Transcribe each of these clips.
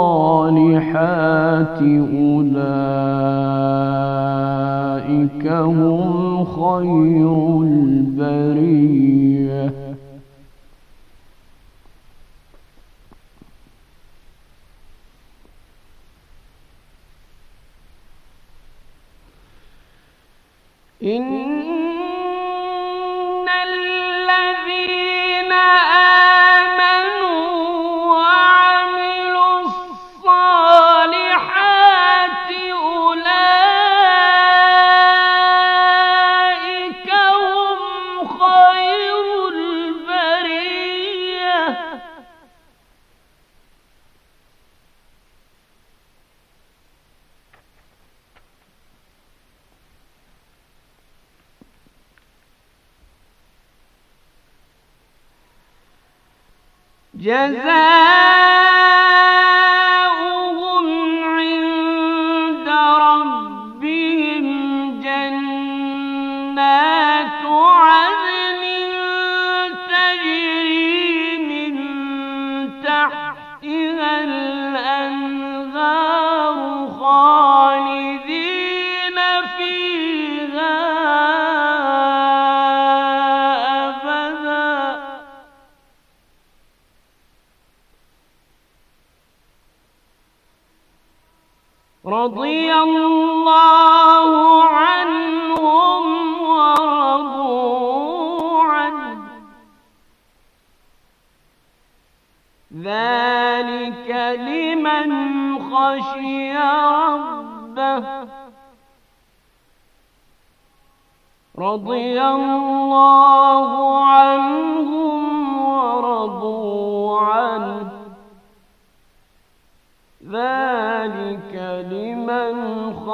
الصالحات أولئك هم خير البريه جزاء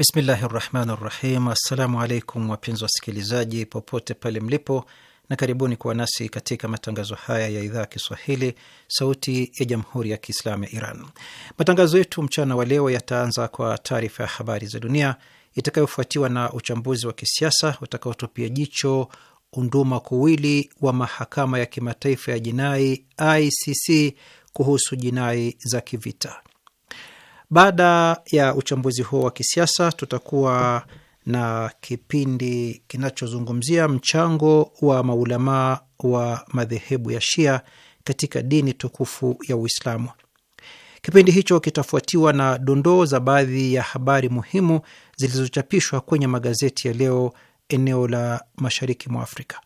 Bismillahi rahmani rahim. Assalamu alaikum wapenzi wasikilizaji popote pale mlipo, na karibuni kuwa nasi katika matangazo haya ya idhaa ya Kiswahili sauti ya jamhuri ya Kiislamu ya Iran. Matangazo yetu mchana wa leo yataanza kwa taarifa ya habari za dunia itakayofuatiwa na uchambuzi wa kisiasa utakaotupia jicho unduma kuwili wa mahakama ya kimataifa ya jinai ICC kuhusu jinai za kivita. Baada ya uchambuzi huo wa kisiasa, tutakuwa na kipindi kinachozungumzia mchango wa maulamaa wa madhehebu ya Shia katika dini tukufu ya Uislamu. Kipindi hicho kitafuatiwa na dondoo za baadhi ya habari muhimu zilizochapishwa kwenye magazeti ya leo eneo la mashariki mwa Afrika.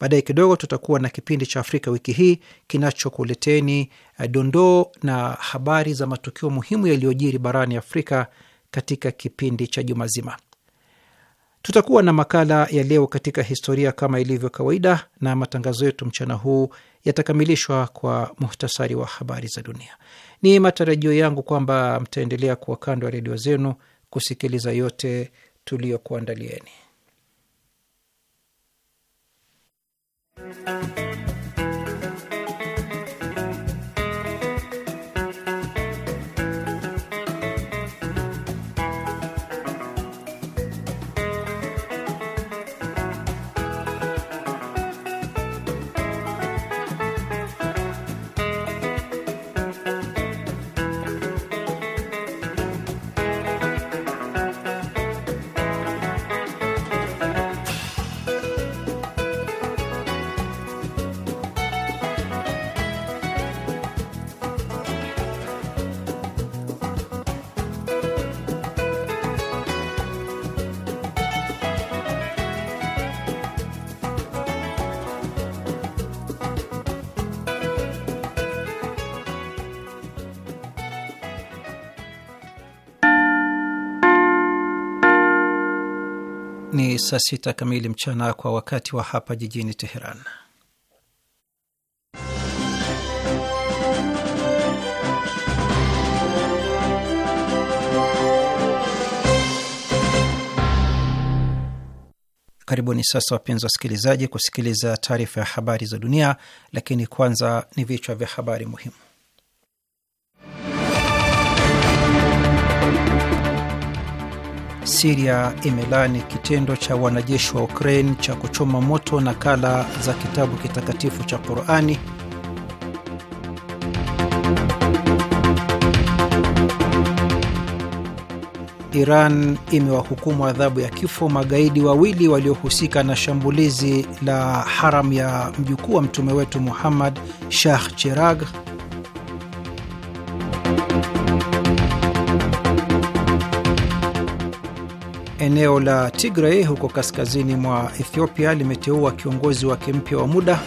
Baadaye kidogo tutakuwa na kipindi cha Afrika wiki hii kinachokuleteni eh, dondoo na habari za matukio muhimu yaliyojiri barani Afrika katika kipindi cha juma zima. Tutakuwa na makala ya leo katika historia kama ilivyo kawaida, na matangazo yetu mchana huu yatakamilishwa kwa muhtasari wa habari za dunia. Ni matarajio yangu kwamba mtaendelea kuwa kando ya redio zenu kusikiliza yote tuliyokuandalieni. Música saa sita kamili mchana kwa wakati wa hapa jijini Teheran. Karibuni sasa, wapenzi wasikilizaji, kusikiliza taarifa ya habari za dunia, lakini kwanza ni vichwa vya habari muhimu. Siria imelani kitendo cha wanajeshi wa Ukraine cha kuchoma moto nakala za kitabu kitakatifu cha Qurani. Iran imewahukumu adhabu ya kifo magaidi wawili waliohusika na shambulizi la haram ya mjukuu wa mtume wetu Muhammad, Shah Cheragh. eneo la Tigray huko kaskazini mwa Ethiopia limeteua kiongozi wake mpya wa muda.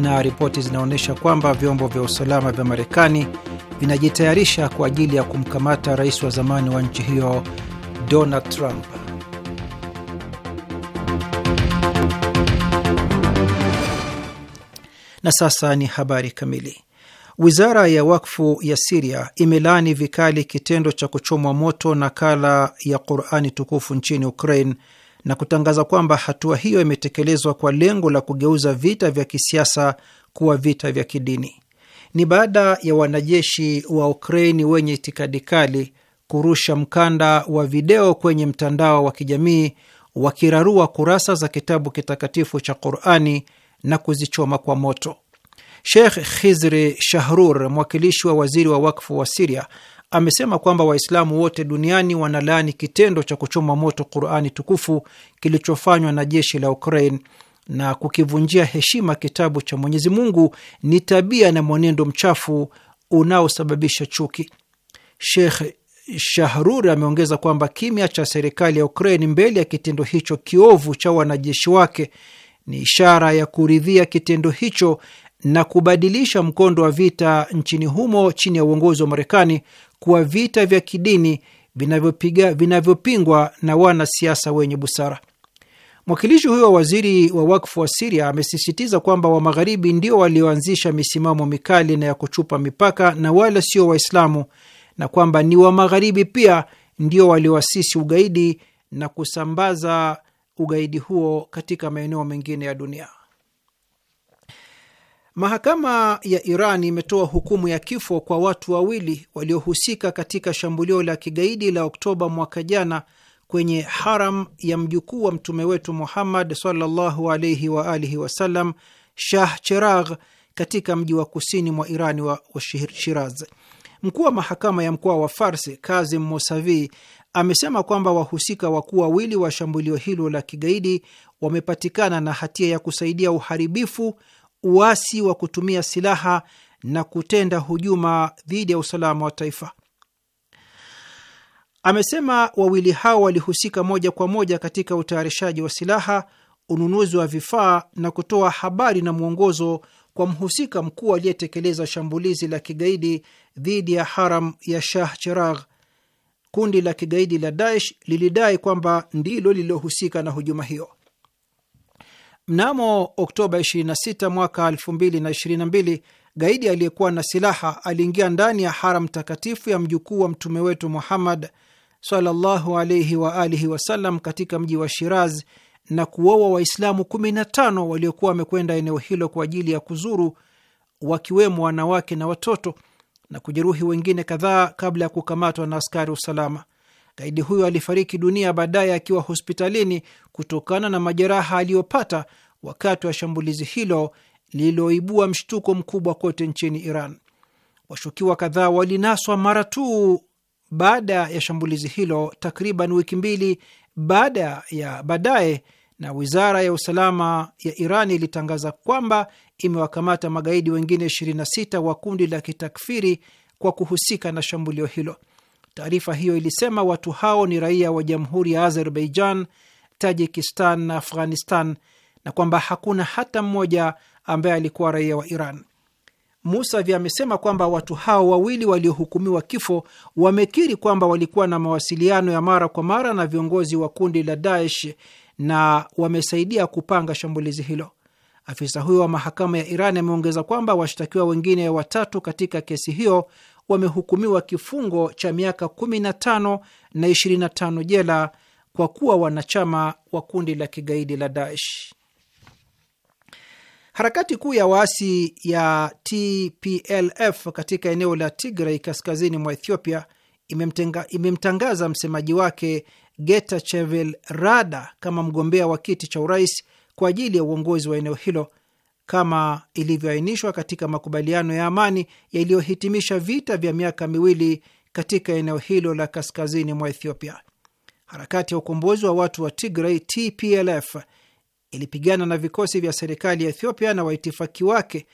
Na ripoti zinaonyesha kwamba vyombo vya usalama vya Marekani vinajitayarisha kwa ajili ya kumkamata rais wa zamani wa nchi hiyo Donald Trump. Na sasa ni habari kamili. Wizara ya Wakfu ya Siria imelaani vikali kitendo cha kuchomwa moto nakala ya Qurani tukufu nchini Ukraine na kutangaza kwamba hatua hiyo imetekelezwa kwa lengo la kugeuza vita vya kisiasa kuwa vita vya kidini. Ni baada ya wanajeshi wa Ukraini wenye itikadi kali kurusha mkanda wa video kwenye mtandao wa kijamii wakirarua kurasa za kitabu kitakatifu cha Qurani na kuzichoma kwa moto. Sheikh Khizri Shahrur, mwakilishi wa waziri wa wakfu wa Siria, amesema kwamba Waislamu wote duniani wanalaani kitendo cha kuchoma moto Qurani tukufu kilichofanywa na jeshi la Ukraine na kukivunjia heshima kitabu cha Mwenyezi Mungu ni tabia na mwenendo mchafu unaosababisha chuki. Sheikh Shahrur ameongeza kwamba kimya cha serikali ya Ukraine mbele ya kitendo hicho kiovu cha wanajeshi wake ni ishara ya kuridhia kitendo hicho na kubadilisha mkondo wa vita nchini humo chini ya uongozi wa Marekani kuwa vita vya kidini vinavyopiga vinavyopingwa na wanasiasa wenye busara. Mwakilishi huyo wa waziri wa wakfu wa Siria amesisitiza kwamba wa Magharibi ndio walioanzisha misimamo mikali na ya kuchupa mipaka na wala sio Waislamu, na kwamba ni wa Magharibi pia ndio walioasisi ugaidi na kusambaza ugaidi huo katika maeneo mengine ya dunia. Mahakama ya Iran imetoa hukumu ya kifo kwa watu wawili waliohusika katika shambulio la kigaidi la Oktoba mwaka jana kwenye haram ya mjukuu wa mtume wetu Muhammad sallallahu alaihi wasallam, Shah Cheragh katika mji wa kusini mwa Irani wa Shiraz. Mkuu wa mahakama ya mkoa wa Fars Kazim Mosavi amesema kwamba wahusika wakuu wawili wa shambulio hilo la kigaidi wamepatikana na hatia ya kusaidia uharibifu uasi wa kutumia silaha na kutenda hujuma dhidi ya usalama wa taifa. Amesema wawili hao walihusika moja kwa moja katika utayarishaji wa silaha, ununuzi wa vifaa na kutoa habari na mwongozo kwa mhusika mkuu aliyetekeleza shambulizi la kigaidi dhidi ya haram ya Shah Cheragh. Kundi la kigaidi la Daesh lilidai kwamba ndilo lililohusika na hujuma hiyo. Mnamo Oktoba 26 mwaka 2022 gaidi aliyekuwa na silaha aliingia ndani ya haram takatifu ya mjukuu wa mtume wetu Muhammad sallallahu wa alihi wasallam katika mji wa Shiraz na kuwaua Waislamu 15 waliokuwa wamekwenda eneo hilo kwa ajili ya kuzuru, wakiwemo wanawake na watoto na kujeruhi wengine kadhaa kabla ya kukamatwa na askari usalama. Gaidi huyo alifariki dunia baadaye akiwa hospitalini kutokana na majeraha aliyopata wakati wa shambulizi hilo lililoibua mshtuko mkubwa kote nchini Iran. Washukiwa kadhaa walinaswa mara tu baada ya shambulizi hilo, takriban wiki mbili baada ya baadaye, na wizara ya usalama ya Iran ilitangaza kwamba imewakamata magaidi wengine 26 wa kundi la kitakfiri kwa kuhusika na shambulio hilo. Taarifa hiyo ilisema watu hao ni raia wa jamhuri ya Azerbaijan, Tajikistan na Afghanistan na kwamba hakuna hata mmoja ambaye alikuwa raia wa Iran. Musavi amesema kwamba watu hao wawili waliohukumiwa kifo wamekiri kwamba walikuwa na mawasiliano ya mara kwa mara na viongozi wa kundi la Daesh na wamesaidia kupanga shambulizi hilo. Afisa huyo wa mahakama ya Iran ameongeza kwamba washtakiwa wengine watatu katika kesi hiyo wamehukumiwa kifungo cha miaka 15 na 25 jela kwa kuwa wanachama wa kundi la kigaidi la Daesh. Harakati kuu ya waasi ya TPLF katika eneo la Tigray kaskazini mwa Ethiopia imemtangaza msemaji wake Getachew Rada kama mgombea wa kiti cha urais kwa ajili ya uongozi wa eneo hilo kama ilivyoainishwa katika makubaliano ya amani yaliyohitimisha vita vya miaka miwili katika eneo hilo la kaskazini mwa Ethiopia. Harakati ya ukombozi wa watu wa Tigray TPLF ilipigana na vikosi vya serikali ya Ethiopia na waitifaki wake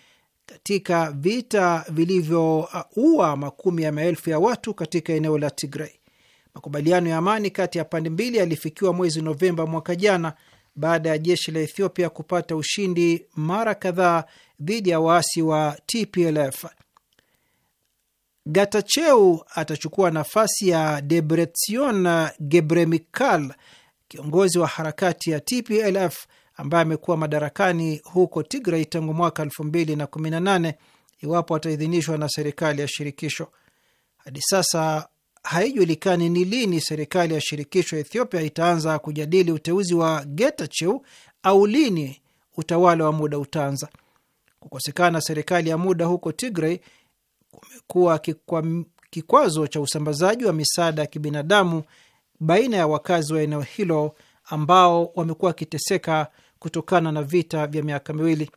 katika vita vilivyoua makumi ya maelfu ya watu katika eneo la Tigray. Makubaliano ya amani kati ya pande mbili yalifikiwa mwezi Novemba mwaka jana baada ya jeshi la Ethiopia kupata ushindi mara kadhaa dhidi ya waasi wa TPLF. Gatacheu atachukua nafasi ya Debretsion Gebremichael, kiongozi wa harakati ya TPLF ambaye amekuwa madarakani huko Tigray tangu mwaka 2018 iwapo ataidhinishwa na serikali ya shirikisho. Hadi sasa haijulikani ni lini serikali ya shirikisho ya Ethiopia itaanza kujadili uteuzi wa Getachew au lini utawala wa muda utaanza. Kukosekana serikali ya muda huko Tigray kumekuwa kikwazo cha usambazaji wa misaada ya kibinadamu baina ya wakazi wa eneo hilo ambao wamekuwa wakiteseka kutokana na vita vya miaka miwili.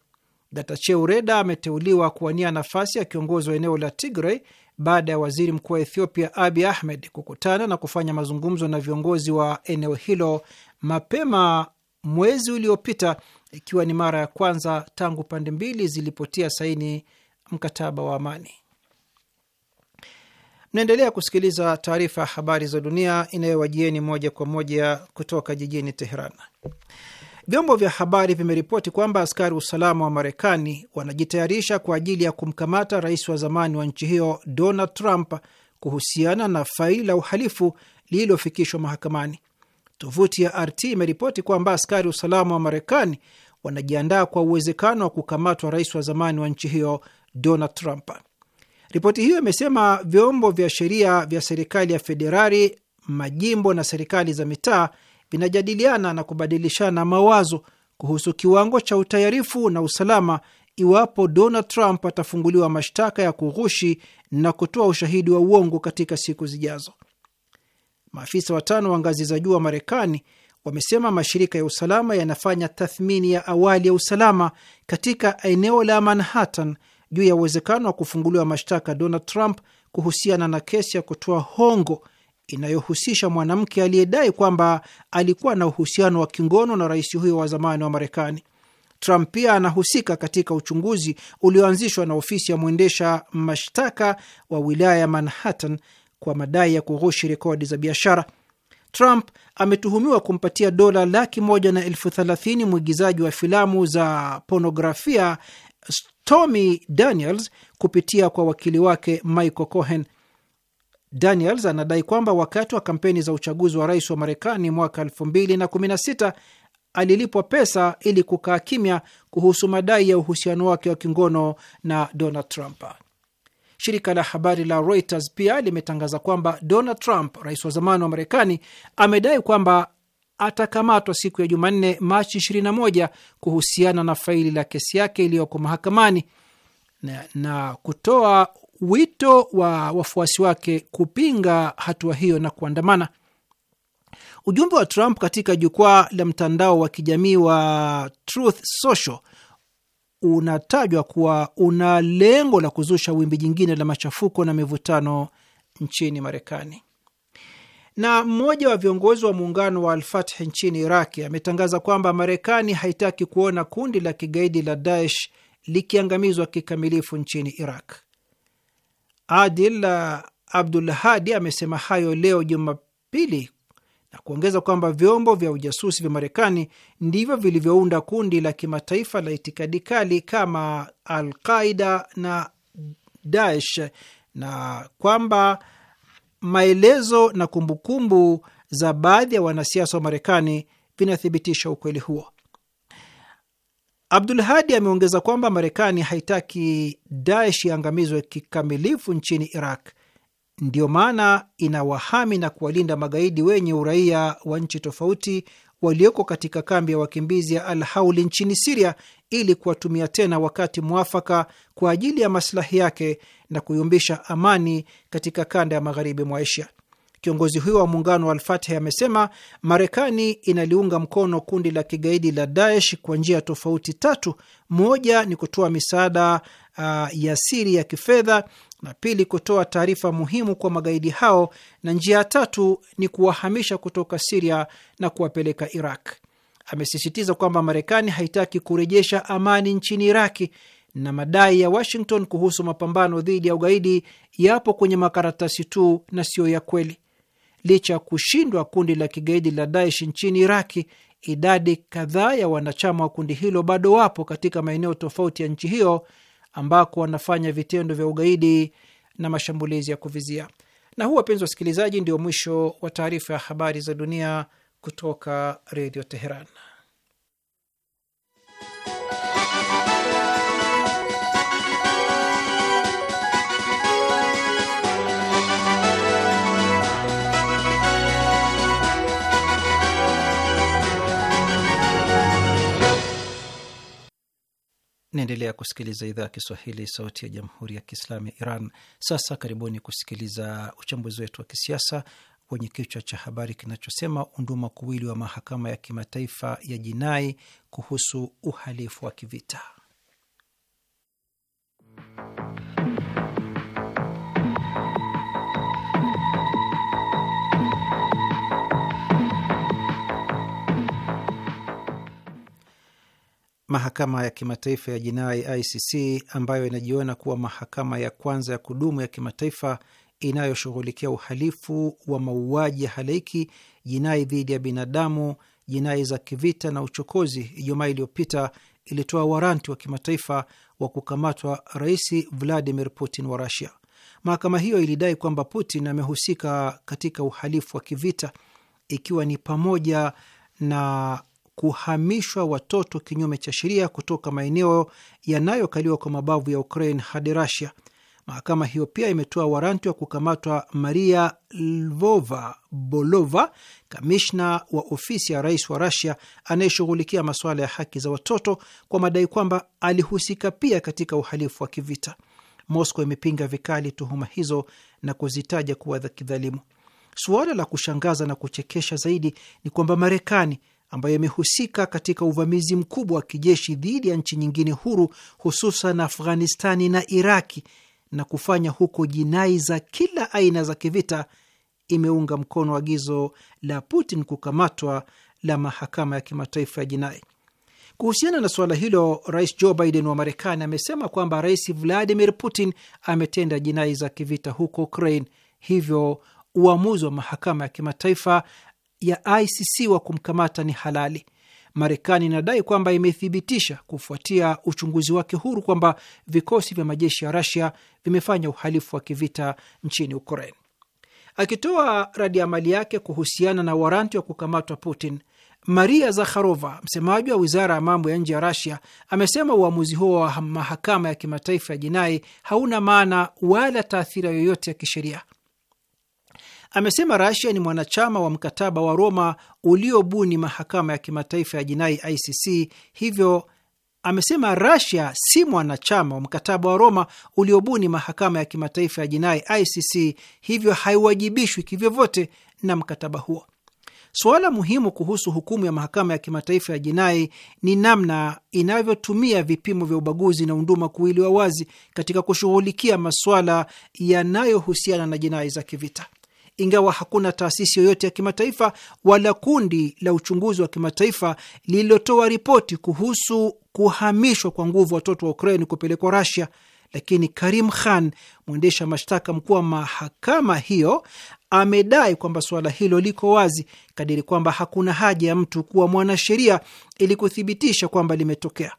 Getachew Reda ameteuliwa kuwania nafasi ya kiongozi wa eneo la Tigray baada ya waziri mkuu wa Ethiopia Abi Ahmed kukutana na kufanya mazungumzo na viongozi wa eneo hilo mapema mwezi uliopita, ikiwa ni mara ya kwanza tangu pande mbili zilipotia saini mkataba wa amani. Mnaendelea kusikiliza taarifa ya habari za dunia inayowajieni moja kwa moja kutoka jijini Teheran. Vyombo vya habari vimeripoti kwamba askari usalama wa Marekani wanajitayarisha kwa ajili ya kumkamata rais wa zamani wa nchi hiyo Donald Trump kuhusiana na faili la uhalifu lililofikishwa mahakamani. Tovuti ya RT imeripoti kwamba askari usalama wa Marekani wanajiandaa kwa uwezekano wa kukamatwa rais wa zamani wa nchi hiyo Donald Trump. Ripoti hiyo imesema vyombo vya sheria vya serikali ya federali, majimbo na serikali za mitaa vinajadiliana na kubadilishana mawazo kuhusu kiwango cha utayarifu na usalama iwapo Donald Trump atafunguliwa mashtaka ya kughushi na kutoa ushahidi wa uongo katika siku zijazo. Maafisa watano wa ngazi za juu wa Marekani wamesema mashirika ya usalama yanafanya tathmini ya awali ya usalama katika eneo la Manhattan juu ya uwezekano wa kufunguliwa mashtaka Donald Trump kuhusiana na kesi ya kutoa hongo inayohusisha mwanamke aliyedai kwamba alikuwa na uhusiano wa kingono na rais huyo wa zamani wa Marekani. Trump pia anahusika katika uchunguzi ulioanzishwa na ofisi ya mwendesha mashtaka wa wilaya ya Manhattan kwa madai ya kughushi rekodi za biashara. Trump ametuhumiwa kumpatia dola laki moja na elfu thelathini mwigizaji wa filamu za ponografia Stormy Daniels kupitia kwa wakili wake Michael Cohen. Daniels anadai kwamba wakati wa kampeni za uchaguzi wa rais wa Marekani mwaka 2016 alilipwa pesa ili kukaa kimya kuhusu madai ya uhusiano wake wa kingono na Donald Trump. Shirika la habari la Reuters pia limetangaza kwamba Donald Trump, rais wa zamani wa Marekani, amedai kwamba atakamatwa siku ya Jumanne, Machi 21 kuhusiana na faili la kesi yake iliyoko mahakamani na, na kutoa wito wa wafuasi wake kupinga hatua hiyo na kuandamana. Ujumbe wa Trump katika jukwaa la mtandao wa kijamii wa Truth Social unatajwa kuwa una lengo la kuzusha wimbi jingine la machafuko na mivutano nchini Marekani. Na mmoja wa viongozi wa muungano wa Alfathi nchini Iraki ametangaza kwamba Marekani haitaki kuona kundi la kigaidi la Daesh likiangamizwa kikamilifu nchini Iraq. Adil Abdul Hadi amesema hayo leo Jumapili na kuongeza kwamba vyombo vya ujasusi vya Marekani ndivyo vilivyounda kundi la kimataifa la itikadi kali kama Al Qaida na Daesh na kwamba maelezo na kumbukumbu za baadhi ya wanasiasa wa Marekani vinathibitisha ukweli huo. Abdul Hadi ameongeza kwamba Marekani haitaki Daesh iangamizwe kikamilifu nchini Iraq, ndiyo maana ina wahami na kuwalinda magaidi wenye uraia wa nchi tofauti walioko katika kambi ya wakimbizi ya Al Hauli nchini Siria ili kuwatumia tena wakati mwafaka kwa ajili ya masilahi yake na kuyumbisha amani katika kanda ya magharibi mwa Asia. Kiongozi huyo wa muungano wa Alfatih amesema Marekani inaliunga mkono kundi la kigaidi la Daesh kwa njia tofauti tatu: moja ni kutoa misaada uh, ya siri ya kifedha, na pili kutoa taarifa muhimu kwa magaidi hao, na njia ya tatu ni kuwahamisha kutoka Siria na kuwapeleka Iraq. Amesisitiza kwamba Marekani haitaki kurejesha amani nchini Iraki na madai ya Washington kuhusu mapambano dhidi ya ugaidi yapo kwenye makaratasi tu na siyo ya kweli licha ya kushindwa kundi la kigaidi la Daesh nchini Iraki, idadi kadhaa ya wanachama wa kundi hilo bado wapo katika maeneo tofauti ya nchi hiyo ambako wanafanya vitendo vya ugaidi na mashambulizi ya kuvizia. Na huu, wapenzi wasikilizaji, ndio mwisho wa taarifa ya habari za dunia kutoka Redio Teheran. Naendelea kusikiliza idhaa ya Kiswahili, sauti ya jamhuri ya kiislamu ya Iran. Sasa karibuni kusikiliza uchambuzi wetu wa kisiasa wenye kichwa cha habari kinachosema unduma kuwili wa mahakama ya kimataifa ya jinai kuhusu uhalifu wa kivita. mahakama ya kimataifa ya jinai ICC ambayo inajiona kuwa mahakama ya kwanza ya kudumu ya kimataifa inayoshughulikia uhalifu wa mauaji ya halaiki, jinai dhidi ya binadamu, jinai za kivita na uchokozi, Ijumaa iliyopita ilitoa waranti wa kimataifa wa kukamatwa Rais Vladimir Putin wa rusia Mahakama hiyo ilidai kwamba Putin amehusika katika uhalifu wa kivita, ikiwa ni pamoja na kuhamishwa watoto kinyume cha sheria kutoka maeneo yanayokaliwa kwa mabavu ya Ukraine hadi rasia Mahakama hiyo pia imetoa waranti wa kukamatwa Maria Lvova Bolova, kamishna wa ofisi ya rais wa rasia anayeshughulikia masuala ya haki za watoto kwa madai kwamba alihusika pia katika uhalifu wa kivita. Moscow imepinga vikali tuhuma hizo na kuzitaja kuwa za kidhalimu. Suala la kushangaza na kuchekesha zaidi ni kwamba Marekani ambayo imehusika katika uvamizi mkubwa wa kijeshi dhidi ya nchi nyingine huru hususan Afghanistani na Iraki na kufanya huko jinai za kila aina za kivita, imeunga mkono agizo la Putin kukamatwa la mahakama ya kimataifa ya jinai. Kuhusiana na suala hilo, Rais Joe Biden wa Marekani amesema kwamba Rais Vladimir Putin ametenda jinai za kivita huko Ukraine, hivyo uamuzi wa mahakama ya kimataifa ya ICC wa kumkamata ni halali. Marekani inadai kwamba imethibitisha kufuatia uchunguzi wake huru kwamba vikosi vya majeshi ya Rasia vimefanya uhalifu wa kivita nchini Ukraine. Akitoa radiamali yake kuhusiana na waranti wa kukamatwa Putin, Maria Zakharova, msemaji wa wizara ya mambo ya nje ya Rasia, amesema uamuzi huo wa mahakama ya kimataifa ya jinai hauna maana wala taathira yoyote ya kisheria amesema Rasia ni mwanachama wa mkataba wa Roma uliobuni mahakama ya kimataifa ya jinai ICC. Hivyo amesema Rasia si mwanachama wa mkataba wa Roma uliobuni mahakama ya kimataifa ya jinai ICC, hivyo haiwajibishwi kivyovyote na mkataba huo. Suala muhimu kuhusu hukumu ya mahakama ya kimataifa ya jinai ni namna inavyotumia vipimo vya ubaguzi na unduma kuwili wa wazi katika kushughulikia masuala yanayohusiana na jinai za kivita ingawa hakuna taasisi yoyote ya kimataifa wala kundi la uchunguzi wa kimataifa lililotoa ripoti kuhusu kuhamishwa kwa nguvu watoto wa Ukraine kupelekwa Russia. Lakini Karim Khan, mwendesha mashtaka mkuu wa mahakama hiyo, amedai kwamba suala hilo liko wazi kadiri kwamba hakuna haja ya mtu kuwa mwanasheria ili kuthibitisha kwamba limetokea.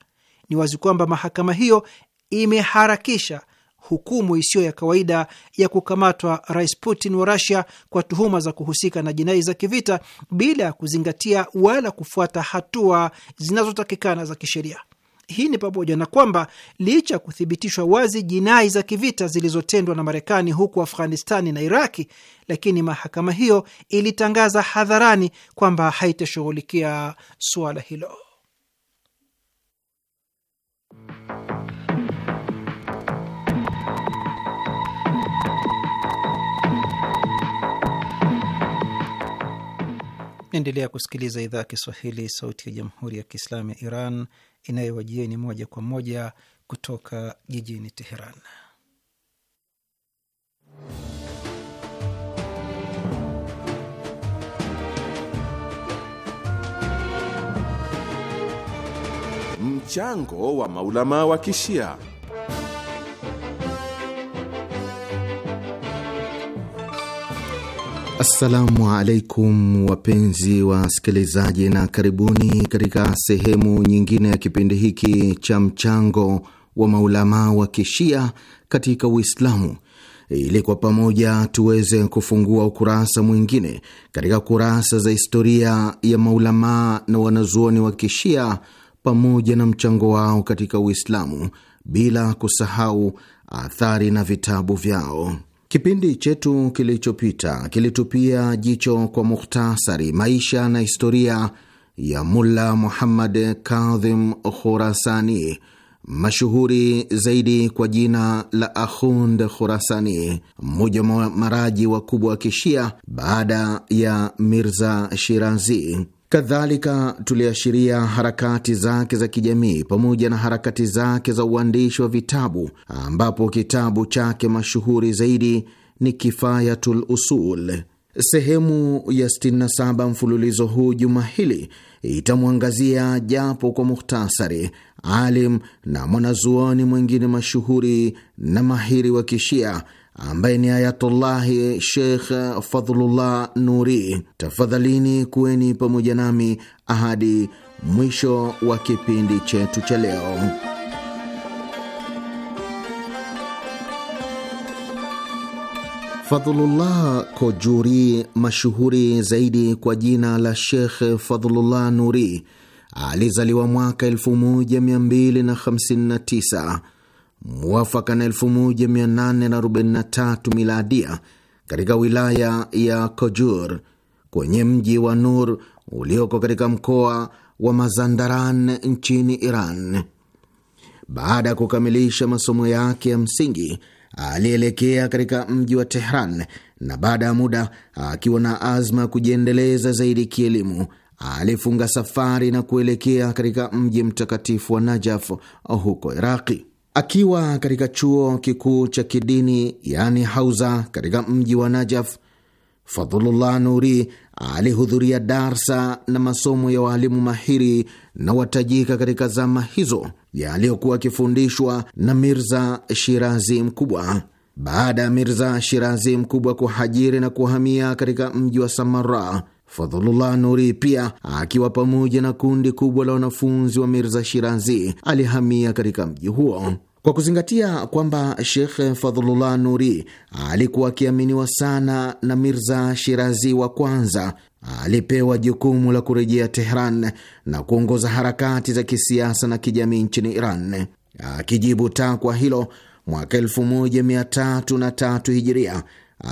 Ni wazi kwamba mahakama hiyo imeharakisha hukumu isiyo ya kawaida ya kukamatwa Rais Putin wa rasia kwa tuhuma za kuhusika na jinai za kivita bila ya kuzingatia wala kufuata hatua zinazotakikana za kisheria. Hii ni pamoja na kwamba licha ya kuthibitishwa wazi jinai za kivita zilizotendwa na Marekani huku Afghanistani na Iraki, lakini mahakama hiyo ilitangaza hadharani kwamba haitashughulikia suala hilo. Naendelea kusikiliza idhaa ya Kiswahili, sauti ya jamhuri ya kiislamu ya Iran inayowajieni moja kwa moja kutoka jijini Teheran. Mchango wa maulama wa Kishia. Assalamu alaikum wapenzi sikilizaji, na karibuni katika sehemu nyingine ya kipindi hiki cha mchango wa maulamaa wa kishia katika Uislamu, ili kwa pamoja tuweze kufungua ukurasa mwingine katika kurasa za historia ya maulamaa na wanazuoni wa kishia pamoja na mchango wao katika Uislamu, bila kusahau athari na vitabu vyao. Kipindi chetu kilichopita kilitupia jicho kwa mukhtasari maisha na historia ya Mulla Muhammad Kadhim Khurasani, mashuhuri zaidi kwa jina la Akhund Khurasani, mmoja wa maraji wakubwa wa Kishia baada ya Mirza Shirazi. Kadhalika tuliashiria harakati zake za kijamii pamoja na harakati zake za uandishi wa vitabu, ambapo kitabu chake mashuhuri zaidi ni Kifayatul Usul. Sehemu ya 67 mfululizo huu juma hili itamwangazia japo kwa muhtasari alim na mwanazuoni mwingine mashuhuri na mahiri wa Kishia ambaye ni Ayatullahi Sheikh Fadhlullah Nuri. Tafadhalini kuweni pamoja nami ahadi mwisho wa kipindi chetu cha leo. Fadhlullah Kojuri, mashuhuri zaidi kwa jina la Sheikh Fadhlullah Nuri, alizaliwa mwaka 1259 mwafaka na 1843 miladia katika wilaya ya Kojur kwenye mji wa Nur ulioko katika mkoa wa Mazandaran nchini Iran. Baada ya kukamilisha masomo yake ya msingi, alielekea katika mji wa Tehran, na baada ya muda, akiwa na azma ya kujiendeleza zaidi kielimu, alifunga safari na kuelekea katika mji mtakatifu wa Najaf huko Iraqi. Akiwa katika chuo kikuu cha kidini yani Hauza katika mji wa Najaf, Fadhulullah Nuri alihudhuria darsa na masomo ya waalimu mahiri na watajika katika zama hizo yaliyokuwa akifundishwa na Mirza Shirazi Mkubwa. Baada ya Mirza Shirazi Mkubwa kuhajiri na kuhamia katika mji wa Samara, Fadhulullah Nuri pia akiwa pamoja na kundi kubwa la wanafunzi wa Mirza Shirazi alihamia katika mji huo. Kwa kuzingatia kwamba Shekh Fadhulullah Nuri alikuwa akiaminiwa sana na Mirza Shirazi wa kwanza, alipewa jukumu la kurejea Tehran na kuongoza harakati za kisiasa na kijamii nchini Iran. Akijibu takwa hilo mwaka tatu Hijiria,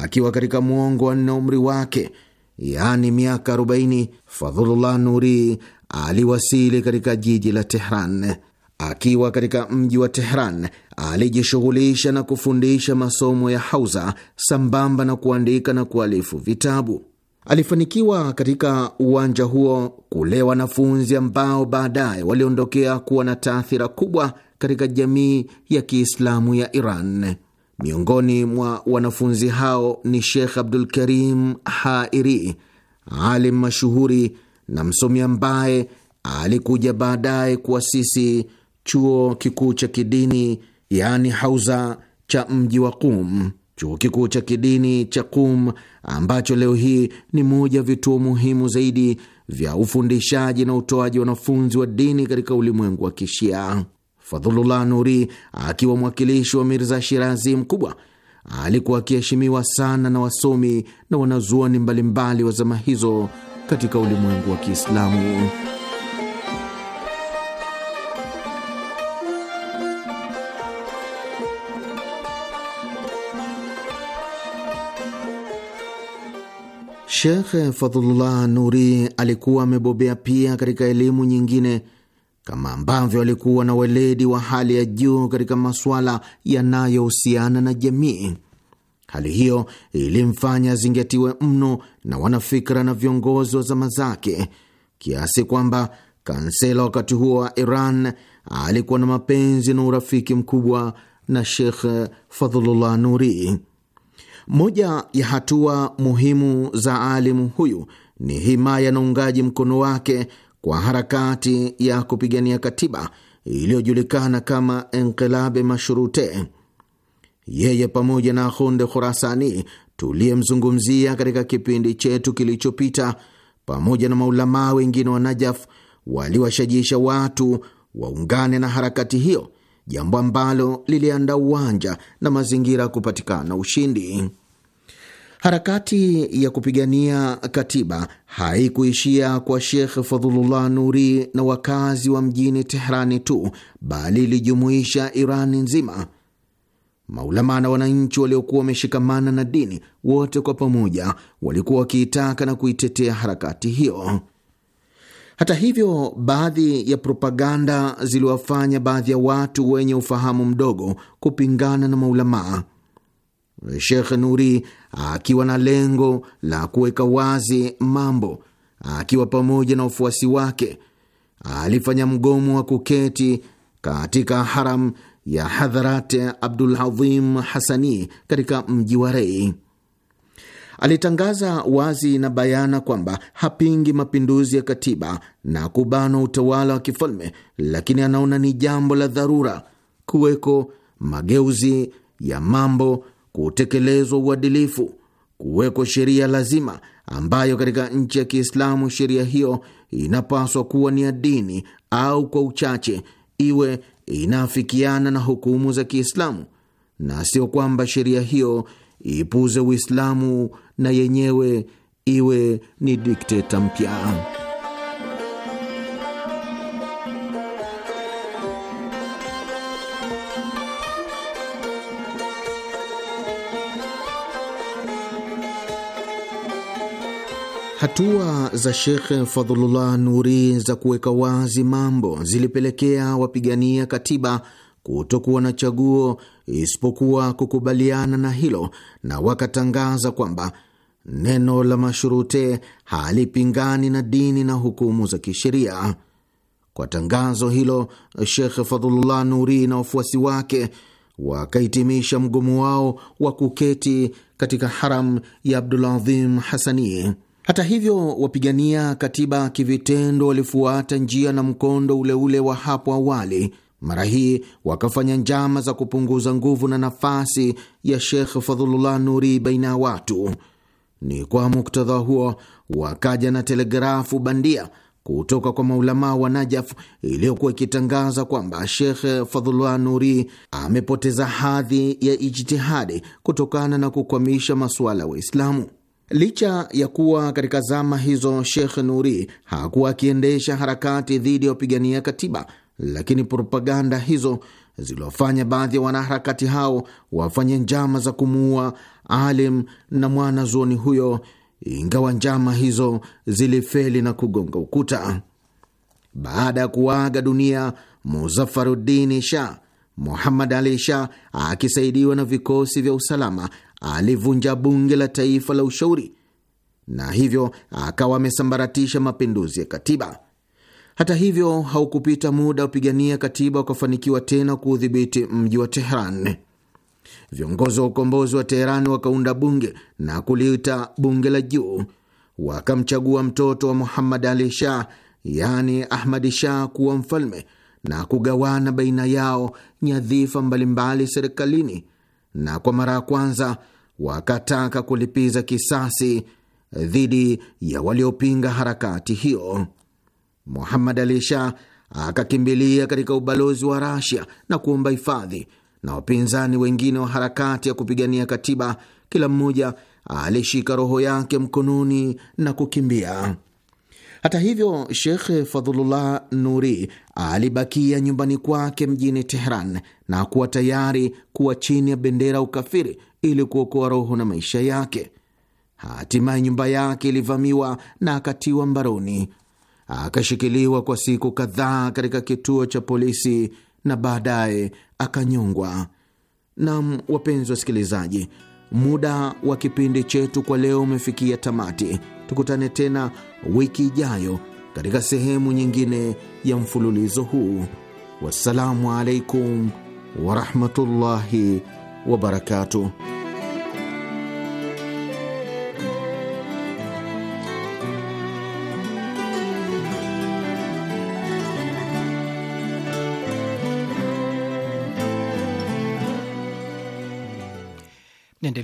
akiwa katika mwongo wa nne umri wake yaani miaka 40, Fadhulullah Nuri aliwasili katika jiji la Tehran. Akiwa katika mji wa Tehran, alijishughulisha na kufundisha masomo ya hauza sambamba na kuandika na kualifu vitabu. Alifanikiwa katika uwanja huo kulea wanafunzi ambao baadaye waliondokea kuwa na taathira kubwa katika jamii ya Kiislamu ya Iran. Miongoni mwa wanafunzi hao ni Shekh Abdul Karim Hairi, alim mashuhuri na msomi ambaye alikuja baadaye kuasisi chuo kikuu cha kidini yaani hauza cha mji wa Qum. Chuo kikuu cha kidini cha Qum ambacho leo hii ni moja vituo muhimu zaidi vya ufundishaji na utoaji wanafunzi wa dini katika ulimwengu wa Kishia. Fadhulullah Nuri akiwa mwakilishi wa Mirza Shirazi mkubwa alikuwa akiheshimiwa sana na wasomi na wanazuoni mbalimbali wa zama hizo katika ulimwengu wa Kiislamu. Shekhe Fadhulullah Nuri alikuwa amebobea pia katika elimu nyingine kama ambavyo alikuwa na weledi wa hali ya juu katika masuala yanayohusiana na jamii. Hali hiyo ilimfanya azingatiwe mno na wanafikra na viongozi wa zama zake kiasi kwamba kansela wakati huo wa Iran alikuwa na mapenzi na urafiki mkubwa na Shekh Fadhlullah Nuri. Moja ya hatua muhimu za alimu huyu ni himaya na uungaji mkono wake kwa harakati ya kupigania katiba iliyojulikana kama Enkelabe Mashurute. Yeye pamoja na Hunde Khurasani tuliyemzungumzia katika kipindi chetu kilichopita, pamoja na maulamaa wengine wa Najaf waliwashajisha watu waungane na harakati hiyo, jambo ambalo liliandaa uwanja na mazingira ya kupatikana ushindi. Harakati ya kupigania katiba haikuishia kwa Shekh Fadhulullah Nuri na wakazi wa mjini Tehrani tu, bali ilijumuisha Irani nzima. Maulama na wananchi waliokuwa wameshikamana na dini, wote kwa pamoja walikuwa wakiitaka na kuitetea harakati hiyo. Hata hivyo, baadhi ya propaganda ziliwafanya baadhi ya watu wenye ufahamu mdogo kupingana na maulamaa. Shekh Nuri akiwa na lengo la kuweka wazi mambo, akiwa pamoja na wafuasi wake, alifanya mgomo wa kuketi katika haram ya Hadharat Abduladhim Hasani katika mji wa Rei. Alitangaza wazi na bayana kwamba hapingi mapinduzi ya katiba na kubanwa utawala wa kifalme, lakini anaona ni jambo la dharura kuweko mageuzi ya mambo kutekelezwa uadilifu, kuwekwa sheria lazima, ambayo katika nchi ya Kiislamu sheria hiyo inapaswa kuwa ni ya dini au kwa uchache iwe inafikiana na hukumu za Kiislamu, na sio kwamba sheria hiyo ipuze Uislamu na yenyewe iwe ni dikteta mpya. Hatua za Shekhe Fadhulullah Nuri za kuweka wazi mambo zilipelekea wapigania katiba kutokuwa na chaguo isipokuwa kukubaliana na hilo, na wakatangaza kwamba neno la mashurute halipingani na dini na hukumu za kisheria. Kwa tangazo hilo, Shekh Fadhulullah Nuri na wafuasi wake wakahitimisha mgomo wao wa kuketi katika haram ya Abduladhim Hasani. Hata hivyo, wapigania katiba kivitendo walifuata njia na mkondo uleule ule wa hapo awali. Mara hii wakafanya njama za kupunguza nguvu na nafasi ya Shekh Fadhulullah Nuri baina ya watu. Ni kwa muktadha huo wakaja na telegrafu bandia kutoka kwa maulamaa wa Najaf iliyokuwa ikitangaza kwamba Shekh fadhulullah Nuri amepoteza hadhi ya ijtihadi kutokana na kukwamisha masuala ya Waislamu. Licha ya kuwa katika zama hizo Sheikh Nuri hakuwa akiendesha harakati dhidi ya wapigania katiba, lakini propaganda hizo ziliofanya baadhi ya wanaharakati hao wafanye njama za kumuua alim na mwanazuoni huyo, ingawa njama hizo zilifeli na kugonga ukuta. Baada ya kuaga dunia Muzafarudini Shah, Muhammad Ali Shah akisaidiwa na vikosi vya usalama alivunja bunge la taifa la ushauri na hivyo akawa amesambaratisha mapinduzi ya katiba. Hata hivyo, haukupita muda wapigania katiba wakafanikiwa tena kuudhibiti mji wa Tehran. Viongozi wa ukombozi wa Teherani wakaunda bunge na kuliita bunge la juu. Wakamchagua mtoto wa Muhammad Ali Shah, yaani Ahmadi Shah, kuwa mfalme na kugawana baina yao nyadhifa mbalimbali serikalini na kwa mara ya kwanza wakataka kulipiza kisasi dhidi ya waliopinga harakati hiyo. Muhammad Ali Shah akakimbilia katika ubalozi wa Rasia na kuomba hifadhi, na wapinzani wengine wa harakati ya kupigania katiba, kila mmoja alishika roho yake mkononi na kukimbia. Hata hivyo, Shekh Fadhulullah Nuri alibakia nyumbani kwake mjini Tehran na kuwa tayari kuwa chini ya bendera ukafiri ili kuokoa roho na maisha yake. Hatimaye nyumba yake ilivamiwa na akatiwa mbaroni, akashikiliwa kwa siku kadhaa katika kituo cha polisi na baadaye akanyongwa. Nam, wapenzi wasikilizaji, muda wa kipindi chetu kwa leo umefikia tamati. Tukutane tena wiki ijayo katika sehemu nyingine ya mfululizo huu. Wassalamu alaikum warahmatullahi wabarakatuh.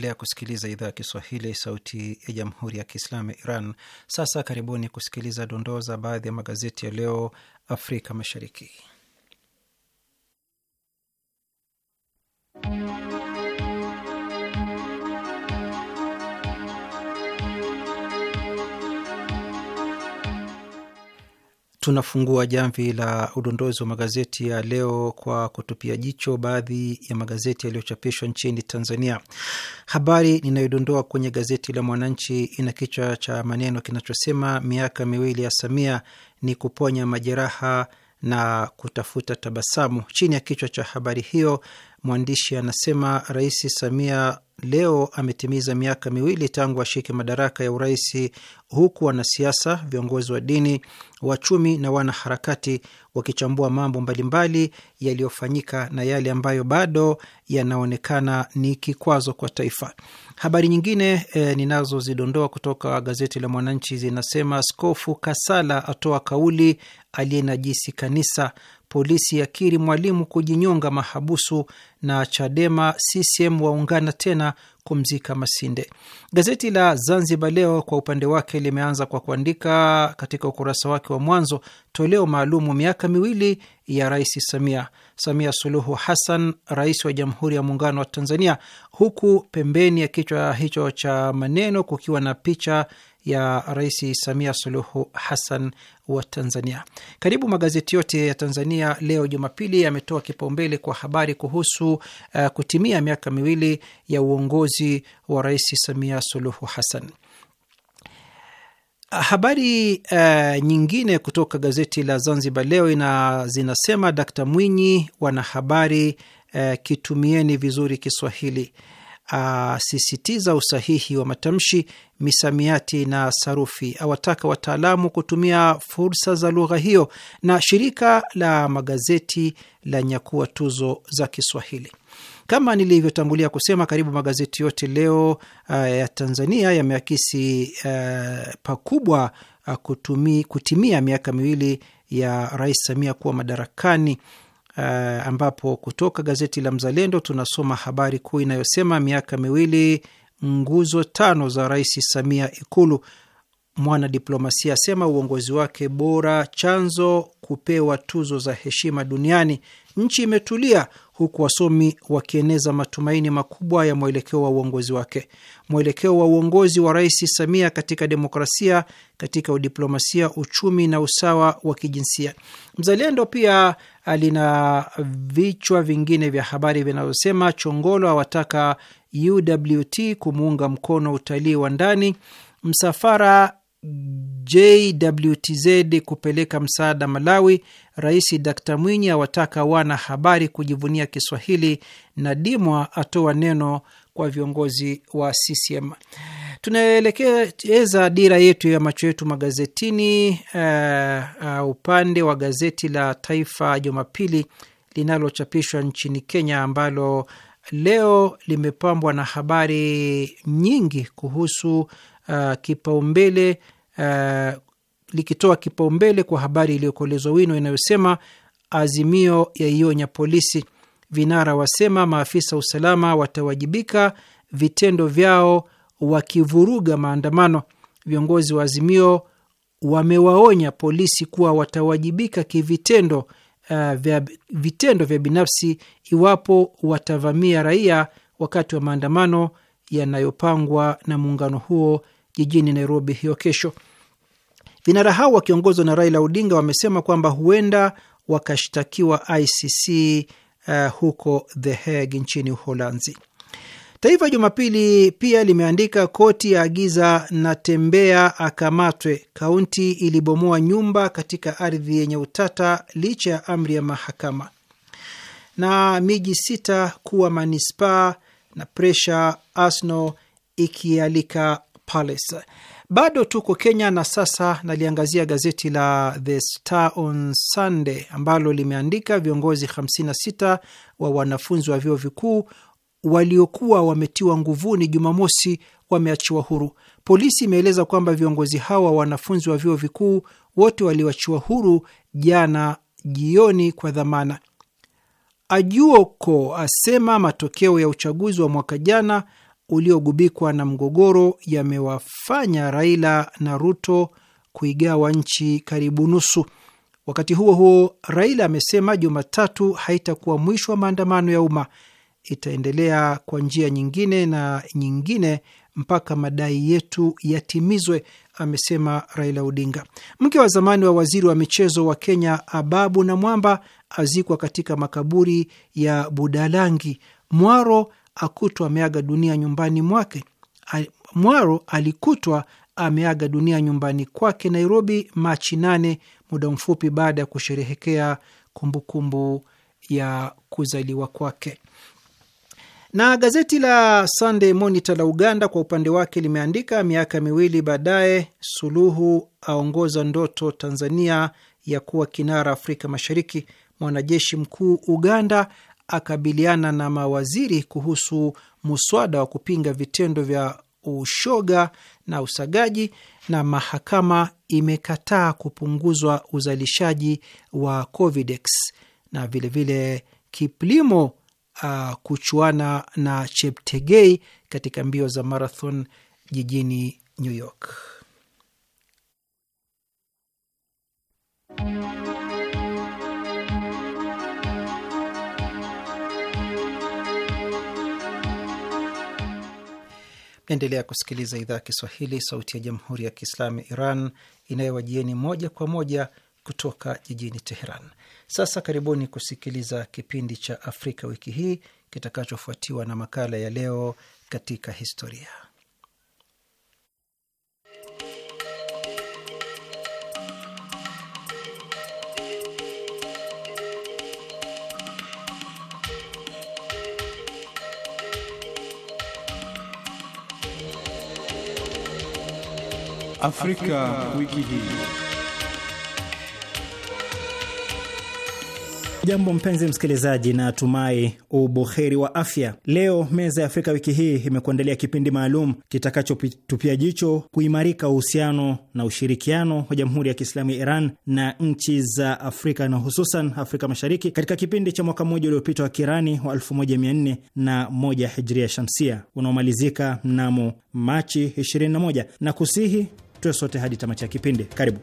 Mnaendelea kusikiliza idhaa ya Kiswahili, sauti ya jamhuri ya kiislamu ya Iran. Sasa karibuni kusikiliza dondoo za baadhi ya magazeti ya leo Afrika Mashariki. Tunafungua jamvi la udondozi wa magazeti ya leo kwa kutupia jicho baadhi ya magazeti yaliyochapishwa nchini Tanzania. Habari ninayodondoa kwenye gazeti la Mwananchi ina kichwa cha maneno kinachosema miaka miwili ya Samia ni kuponya majeraha na kutafuta tabasamu. Chini ya kichwa cha habari hiyo, mwandishi anasema Rais Samia leo ametimiza miaka miwili tangu ashike madaraka ya urais, huku wanasiasa, viongozi wa dini, wachumi na wanaharakati wakichambua mambo mbalimbali yaliyofanyika na yale ambayo bado yanaonekana ni kikwazo kwa taifa. Habari nyingine e, ninazozidondoa kutoka gazeti la Mwananchi zinasema Skofu Kasala atoa kauli aliyenajisi kanisa, polisi yakiri mwalimu kujinyonga mahabusu, na Chadema CCM waungana tena kumzika Masinde. Gazeti la Zanzibar Leo kwa upande wake limeanza kwa kuandika katika ukurasa wake wa mwanzo toleo maalumu, miaka miwili ya Rais Samia Samia Suluhu Hassan, rais wa Jamhuri ya Muungano wa Tanzania, huku pembeni ya kichwa hicho cha maneno kukiwa na picha ya Rais Samia Suluhu Hassan wa Tanzania. Karibu magazeti yote ya Tanzania leo Jumapili yametoa kipaumbele kwa habari kuhusu uh, kutimia miaka miwili ya uongozi wa Rais Samia Suluhu Hassan. Habari uh, nyingine kutoka gazeti la Zanzibar leo ina, zinasema Dkt Mwinyi, wanahabari uh, kitumieni vizuri Kiswahili asisitiza usahihi wa matamshi, misamiati na sarufi. Awataka wataalamu kutumia fursa za lugha hiyo, na shirika la magazeti la nyakua tuzo za Kiswahili. Kama nilivyotangulia kusema, karibu magazeti yote leo uh, ya Tanzania yameakisi uh, pakubwa uh, kutumi, kutimia miaka miwili ya Rais Samia kuwa madarakani uh, ambapo kutoka gazeti la Mzalendo tunasoma habari kuu inayosema miaka miwili, nguzo tano za Rais Samia Ikulu mwanadiplomasia asema uongozi wake bora chanzo kupewa tuzo za heshima duniani. Nchi imetulia huku wasomi wakieneza matumaini makubwa ya mwelekeo wa uongozi wake. Mwelekeo wa uongozi wa Rais Samia katika demokrasia, katika udiplomasia, uchumi na usawa wa kijinsia. Mzalendo pia alina vichwa vingine vya habari vinavyosema: Chongolo awataka UWT kumuunga mkono utalii wa ndani, msafara JWTZ kupeleka msaada Malawi. Rais d Mwinyi awataka wana habari kujivunia Kiswahili na Dimwa atoa neno kwa viongozi wa CCM. Tunaelekeza dira yetu ya macho yetu magazetini, uh, uh, upande wa gazeti la Taifa Jumapili linalochapishwa nchini Kenya, ambalo leo limepambwa na habari nyingi kuhusu uh, kipaumbele uh, likitoa kipaumbele kwa habari iliyokolezwa wino inayosema Azimio yaionya polisi, vinara wasema maafisa usalama watawajibika vitendo vyao wakivuruga maandamano. Viongozi wa Azimio wamewaonya polisi kuwa watawajibika kivitendo, uh, vya vitendo vya binafsi iwapo watavamia raia wakati wa maandamano yanayopangwa na muungano huo jijini Nairobi hiyo kesho. Vinara hao wakiongozwa na Raila Odinga wamesema kwamba huenda wakashtakiwa ICC uh, eh, huko The Hague nchini Uholanzi. Taifa Jumapili pia limeandika koti ya agiza na tembea akamatwe, kaunti ilibomoa nyumba katika ardhi yenye utata licha ya amri ya mahakama, na miji sita kuwa manispaa na presha Arsenal ikialika Palace. Bado tuko Kenya na sasa naliangazia gazeti la The Star on Sunday ambalo limeandika viongozi 56 wa wanafunzi wa vyuo vikuu waliokuwa wametiwa nguvuni Jumamosi wameachiwa huru. Polisi imeeleza kwamba viongozi hawa wanafunzi wa vyuo vikuu wote walioachiwa huru jana jioni kwa dhamana. Ajuoko asema matokeo ya uchaguzi wa mwaka jana uliogubikwa na mgogoro yamewafanya Raila na Ruto kuigawa nchi karibu nusu. Wakati huo huo, Raila amesema Jumatatu haitakuwa mwisho wa maandamano ya umma, itaendelea kwa njia nyingine na nyingine mpaka madai yetu yatimizwe, amesema Raila Odinga. Mke wa zamani wa waziri wa michezo wa Kenya Ababu Namwamba azikwa katika makaburi ya Budalangi, Mwaro akutwa ameaga dunia nyumbani mwake. Mwaro alikutwa ameaga dunia nyumbani kwake Nairobi Machi nane, muda mfupi baada ya kusherehekea kumbukumbu ya kuzaliwa kwake. Na gazeti la Sunday Monitor la Uganda kwa upande wake limeandika miaka miwili baadaye, Suluhu aongoza ndoto Tanzania ya kuwa kinara Afrika Mashariki. Mwanajeshi mkuu Uganda akabiliana na mawaziri kuhusu muswada wa kupinga vitendo vya ushoga na usagaji, na mahakama imekataa kupunguzwa uzalishaji wa Covidex na vilevile vile Kiplimo uh, kuchuana na Cheptegei katika mbio za marathon jijini New York. Naendelea kusikiliza idhaa ya Kiswahili, sauti ya jamhuri ya kiislamu ya Iran inayowajieni moja kwa moja kutoka jijini Teheran. Sasa karibuni kusikiliza kipindi cha Afrika wiki hii kitakachofuatiwa na makala ya leo katika historia. Afrika, wiki hii. Jambo mpenzi msikilizaji, na tumai ubuheri wa afya. Leo meza ya Afrika wiki hii imekuandalia kipindi maalum kitakachotupia jicho kuimarika uhusiano na ushirikiano wa Jamhuri ya Kiislamu ya Iran na nchi za Afrika na hususan Afrika Mashariki katika kipindi cha mwaka mmoja uliopita wa Kirani wa 1401 Hijria Shamsia unaomalizika mnamo Machi 21 na kusihi Tuwe sote hadi tamati ya kipindi. Karibu.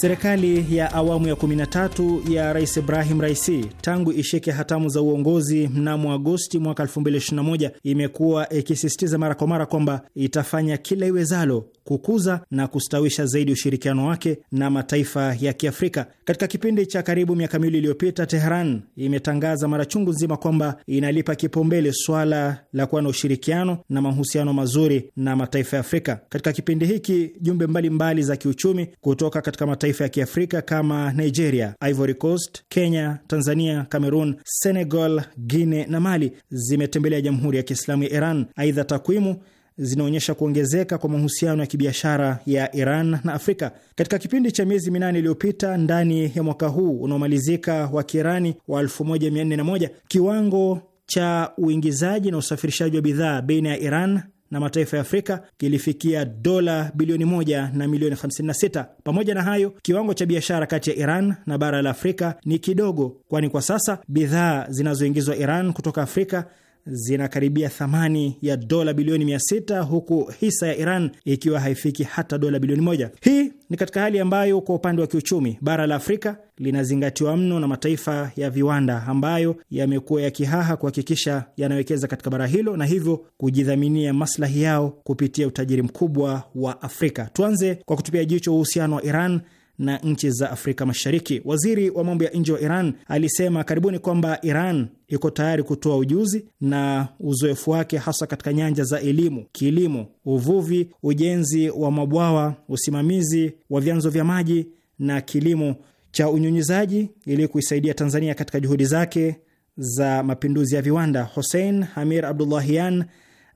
Serikali ya awamu ya 13 ya Rais Ibrahim Raisi tangu ishike hatamu za uongozi mnamo Agosti mwaka 2021 imekuwa ikisisitiza mara kwa mara kwamba itafanya kila iwezalo kukuza na kustawisha zaidi ushirikiano wake na mataifa ya Kiafrika. Katika kipindi cha karibu miaka miwili iliyopita, Tehran imetangaza mara chungu nzima kwamba inalipa kipaumbele swala la kuwa na ushirikiano na mahusiano mazuri na mataifa ya Afrika. Katika kipindi hiki, jumbe mbalimbali mbali za kiuchumi kutoka katika mataifa mataifa ya Kiafrika kama Nigeria, Ivory Coast, Kenya, Tanzania, Cameroon, Senegal, Guinea na Mali zimetembelea Jamhuri ya Kiislamu ya Iran. Aidha, takwimu zinaonyesha kuongezeka kwa mahusiano ya kibiashara ya Iran na Afrika katika kipindi cha miezi minane iliyopita. Ndani ya mwaka huu unaomalizika wa Kiirani wa 1401 kiwango cha uingizaji na usafirishaji wa bidhaa baina ya Iran na mataifa ya Afrika kilifikia dola bilioni 1 na milioni 56. Pamoja na hayo, kiwango cha biashara kati ya Iran na bara la Afrika ni kidogo, kwani kwa sasa bidhaa zinazoingizwa Iran kutoka Afrika zinakaribia thamani ya dola bilioni sita huku hisa ya Iran ikiwa haifiki hata dola bilioni moja. Hii ni katika hali ambayo kwa upande wa kiuchumi bara la Afrika linazingatiwa mno na mataifa ya viwanda ambayo yamekuwa yakihaha kuhakikisha yanawekeza katika bara hilo na hivyo kujidhaminia maslahi yao kupitia utajiri mkubwa wa Afrika. Tuanze kwa kutupia jicho uhusiano wa Iran na nchi za Afrika Mashariki. Waziri wa mambo ya nje wa Iran alisema karibuni kwamba Iran iko tayari kutoa ujuzi na uzoefu wake hasa katika nyanja za elimu, kilimo, uvuvi, ujenzi wa mabwawa, usimamizi wa vyanzo vya maji na kilimo cha unyunyizaji ili kuisaidia Tanzania katika juhudi zake za mapinduzi ya viwanda. Hussein Hamir Abdullahian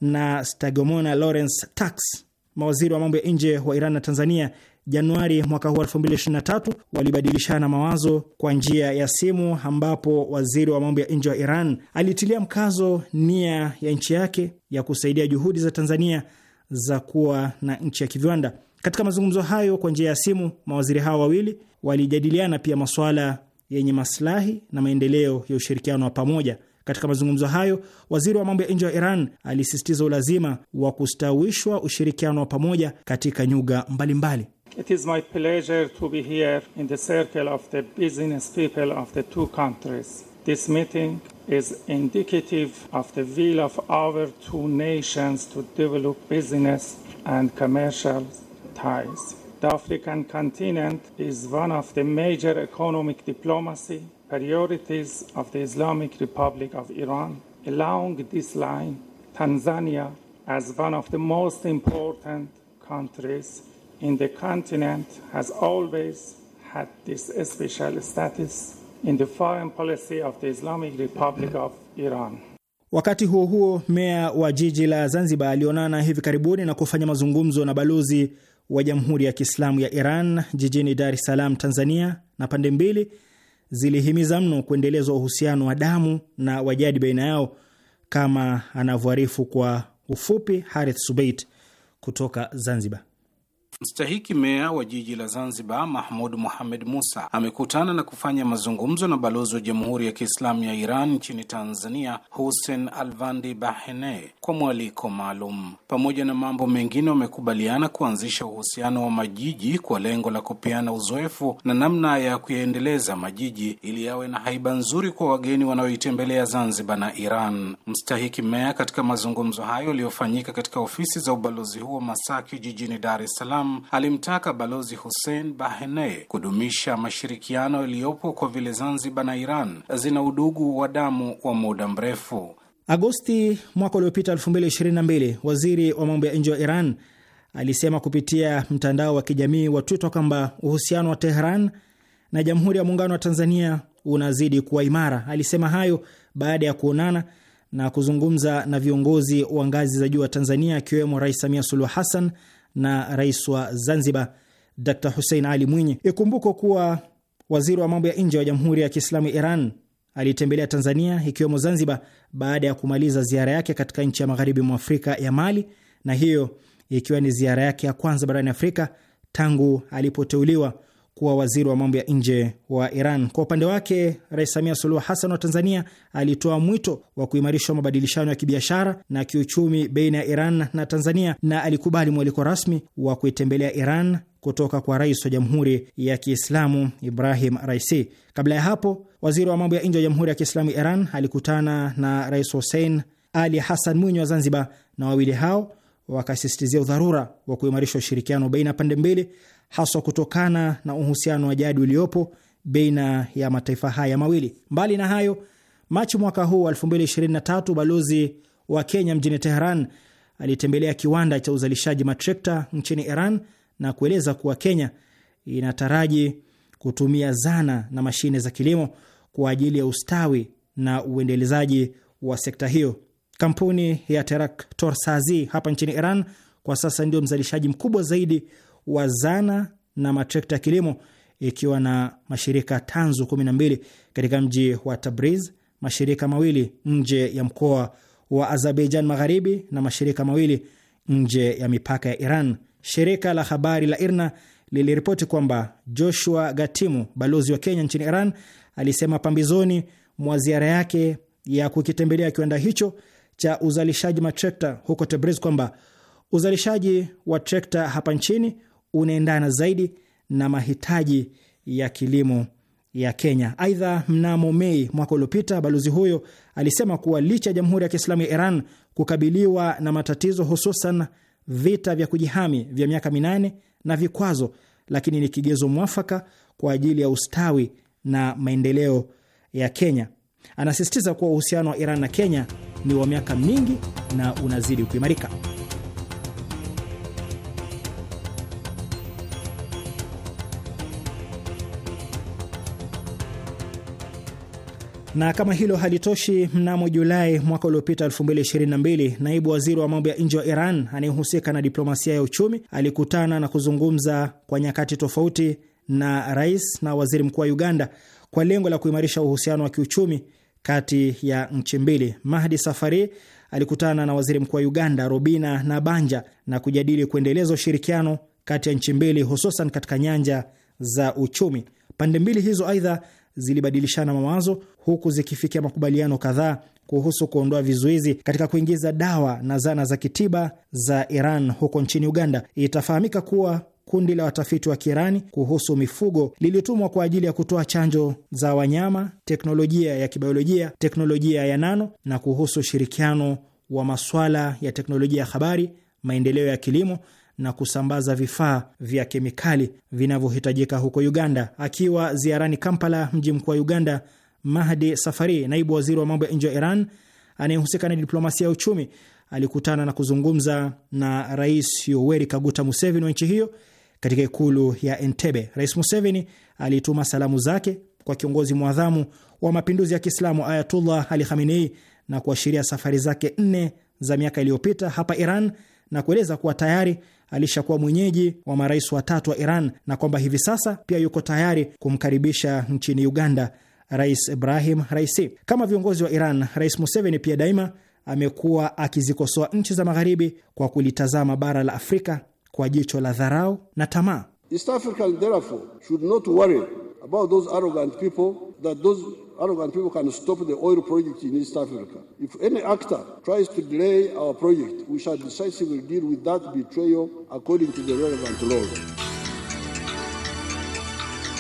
na Stagomona Lawrence Tax, mawaziri wa mambo ya nje wa Iran na Tanzania, Januari mwaka huu 2023 walibadilishana mawazo kwa njia ya simu, ambapo waziri wa mambo ya nje wa Iran alitilia mkazo nia ya nchi yake ya kusaidia juhudi za Tanzania za kuwa na nchi ya kiviwanda. Katika mazungumzo hayo kwa njia ya simu, mawaziri hao wawili walijadiliana pia masuala yenye masilahi na maendeleo ya ushirikiano wa pamoja. Katika mazungumzo hayo, waziri wa mambo ya nje wa Iran alisisitiza ulazima wa kustawishwa ushirikiano wa pamoja katika nyuga mbalimbali mbali. It is my pleasure to be here in the circle of the business people of the two countries. This meeting is indicative of the will of our two nations to develop business and commercial ties. The African continent is one of the major economic diplomacy priorities of the Islamic Republic of Iran. Along this line, Tanzania, as one of the most important countries in the continent has always had this special status in the foreign policy of the Islamic Republic of Iran. Wakati huo huo, meya wa jiji la Zanzibar alionana hivi karibuni na kufanya mazungumzo na balozi wa Jamhuri ya Kiislamu ya Iran jijini Dar es Salaam, Tanzania, na pande mbili zilihimiza mno kuendelezwa uhusiano wa damu na wajadi baina yao, kama anavyoarifu kwa ufupi Harith Subait kutoka Zanzibar. Mstahiki meya wa jiji la Zanzibar Mahmud Muhamed Musa amekutana na kufanya mazungumzo na balozi wa Jamhuri ya Kiislamu ya Iran nchini Tanzania Hussein Alvandi Bahene kwa mwaliko maalum. Pamoja na mambo mengine, wamekubaliana kuanzisha uhusiano wa majiji kwa lengo la kupeana uzoefu na namna ya kuyaendeleza majiji ili yawe na haiba nzuri kwa wageni wanaoitembelea Zanzibar na Iran. Mstahiki meya katika mazungumzo hayo yaliyofanyika katika ofisi za ubalozi huo Masaki jijini Dar es Salaam Salaam alimtaka Balozi Hussein Bahene kudumisha mashirikiano yaliyopo kwa vile Zanzibar na Iran zina udugu wa damu wa muda mrefu. Agosti mwaka uliopita 2022, waziri wa mambo ya nje wa Iran alisema kupitia mtandao wa kijamii wa Twitter kwamba uhusiano wa Tehran na Jamhuri ya Muungano wa Tanzania unazidi kuwa imara. Alisema hayo baada ya kuonana na kuzungumza na viongozi wa ngazi za juu wa Tanzania akiwemo Rais Samia Suluhu Hassan na rais wa Zanzibar Dr Hussein Ali Mwinyi. Ikumbukwe kuwa waziri wa mambo ya nje wa Jamhuri ya Kiislamu ya Iran alitembelea Tanzania ikiwemo Zanzibar baada ya kumaliza ziara yake katika nchi ya magharibi mwa Afrika ya Mali, na hiyo ikiwa ni ziara yake ya kwanza barani Afrika tangu alipoteuliwa kuwa waziri wa mambo ya nje wa Iran. Kwa upande wake, Rais Samia Suluhu Hassan wa Tanzania alitoa mwito wa kuimarishwa mabadilishano ya kibiashara na kiuchumi baina ya Iran na Tanzania na alikubali mwaliko rasmi wa kuitembelea Iran kutoka kwa rais wa Jamhuri ya Kiislamu Ibrahim Raisi. Kabla ya hapo, waziri wa mambo ya nje wa Jamhuri ya Kiislamu Iran alikutana na Rais Hussein Ali Hassan Mwinyi wa Zanzibar, na wawili hao wakasisitizia udharura wa kuimarisha ushirikiano baina ya pande mbili haswa kutokana na uhusiano wa jadi uliopo baina ya mataifa haya mawili. Mbali na hayo, Machi mwaka huu 2023, balozi wa Kenya mjini Teheran alitembelea kiwanda cha uzalishaji matrekta nchini Iran na kueleza kuwa Kenya inataraji kutumia zana na mashine za kilimo kwa ajili ya ustawi na uendelezaji wa sekta hiyo. Kampuni ya Teraktor Sazi hapa nchini Iran kwa sasa ndio mzalishaji mkubwa zaidi wa zana na matrekta ya kilimo ikiwa na mashirika tanzu 12 katika mji wa Tabriz, mashirika mawili nje ya mkoa wa Azerbaijan Magharibi na mashirika mawili nje ya mipaka ya Iran. Shirika la habari la IRNA liliripoti kwamba Joshua Gatimu, balozi wa Kenya nchini Iran, alisema pambizoni mwa ziara yake ya kukitembelea kiwanda hicho cha uzalishaji matrekta huko Tabriz kwamba uzalishaji wa trekta hapa nchini unaendana zaidi na mahitaji ya kilimo ya Kenya. Aidha, mnamo Mei mwaka uliopita balozi huyo alisema kuwa licha ya Jamhuri ya Kiislamu ya Iran kukabiliwa na matatizo, hususan vita vya kujihami vya miaka minane na vikwazo, lakini ni kigezo mwafaka kwa ajili ya ustawi na maendeleo ya Kenya. Anasisitiza kuwa uhusiano wa Iran na Kenya ni wa miaka mingi na unazidi kuimarika. Na kama hilo halitoshi, mnamo Julai mwaka uliopita 2022, naibu waziri wa mambo ya nje wa Iran anayehusika na diplomasia ya uchumi alikutana na kuzungumza kwa nyakati tofauti na rais na waziri mkuu wa Uganda kwa lengo la kuimarisha uhusiano wa kiuchumi kati ya nchi mbili. Mahdi Safari alikutana na waziri mkuu wa Uganda Robina Nabanja na kujadili kuendeleza ushirikiano kati ya nchi mbili, hususan katika nyanja za uchumi. Pande mbili hizo aidha zilibadilishana mawazo huku zikifikia makubaliano kadhaa kuhusu kuondoa vizuizi katika kuingiza dawa na zana za kitiba za Iran huko nchini Uganda. Itafahamika kuwa kundi la watafiti wa kiirani kuhusu mifugo lilitumwa kwa ajili ya kutoa chanjo za wanyama, teknolojia ya kibiolojia, teknolojia ya nano na kuhusu ushirikiano wa maswala ya teknolojia ya habari, maendeleo ya kilimo na kusambaza vifaa vya kemikali vinavyohitajika huko Uganda. Akiwa ziarani Kampala, mji mkuu wa Uganda, Mahdi Safari, naibu waziri wa mambo ya nje wa Iran anayehusika na diplomasia ya uchumi, alikutana na kuzungumza na Rais Yoweri Kaguta Museveni wa nchi hiyo katika ikulu ya Entebbe. Rais Museveni alituma salamu zake kwa kiongozi mwadhamu wa mapinduzi ya Kiislamu Ayatullah Ali Khamenei na kuashiria safari zake nne za miaka iliyopita hapa Iran na kueleza kuwa tayari alishakuwa mwenyeji wa marais watatu wa Iran na kwamba hivi sasa pia yuko tayari kumkaribisha nchini Uganda Rais Ibrahim Raisi. Kama viongozi wa Iran, Rais Museveni pia daima amekuwa akizikosoa nchi za Magharibi kwa kulitazama bara la Afrika kwa jicho la dharau na tamaa. East Africa therefore should not worry about those arrogant people that those arrogant people can stop the oil project in East Africa. If any actor tries to delay our project, we shall decisively deal with that betrayal according to the relevant laws.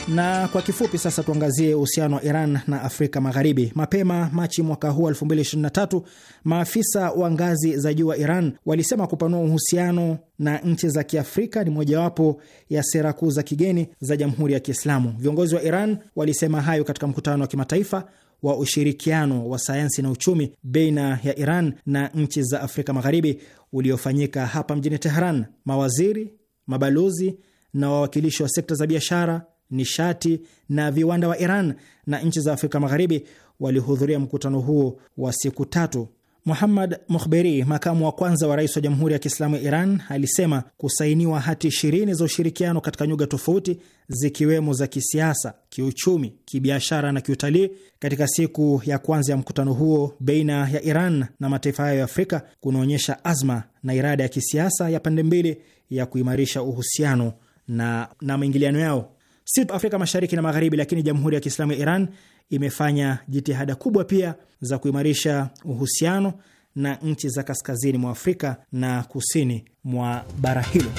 Na kwa kifupi sasa tuangazie uhusiano wa Iran na Afrika Magharibi. Mapema Machi mwaka huu 2023, maafisa wa ngazi za juu wa Iran walisema kupanua uhusiano na nchi za Kiafrika ni mojawapo ya sera kuu za kigeni za Jamhuri ya Kiislamu. Viongozi wa Iran walisema hayo katika mkutano wa kimataifa wa ushirikiano wa sayansi na uchumi baina ya Iran na nchi za Afrika Magharibi uliofanyika hapa mjini Tehran. Mawaziri, mabalozi na wawakilishi wa sekta za biashara nishati na viwanda wa Iran na nchi za Afrika Magharibi walihudhuria mkutano huo wa siku tatu. Muhammad Mukhberi, makamu wa kwanza wa rais wa Jamhuri ya Kiislamu ya Iran, alisema kusainiwa hati ishirini za ushirikiano katika nyuga tofauti zikiwemo za kisiasa, kiuchumi, kibiashara na kiutalii katika siku ya kwanza ya mkutano huo baina ya Iran na mataifa hayo ya Afrika kunaonyesha azma na irada ya kisiasa ya pande mbili ya kuimarisha uhusiano na, na maingiliano yao si Afrika Mashariki na Magharibi, lakini Jamhuri ya Kiislamu ya Iran imefanya jitihada kubwa pia za kuimarisha uhusiano na nchi za kaskazini mwa Afrika na kusini mwa bara hilo.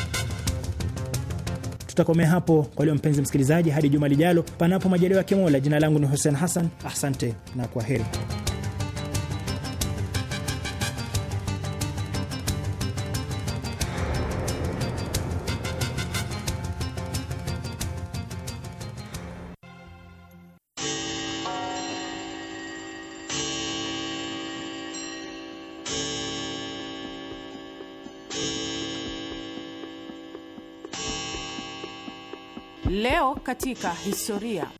Tutakomea hapo kwa leo, mpenzi msikilizaji, hadi juma lijalo, panapo majaliwa ya Kimola. Jina langu ni Hussein Hassan, asante na kwa heri. katika historia.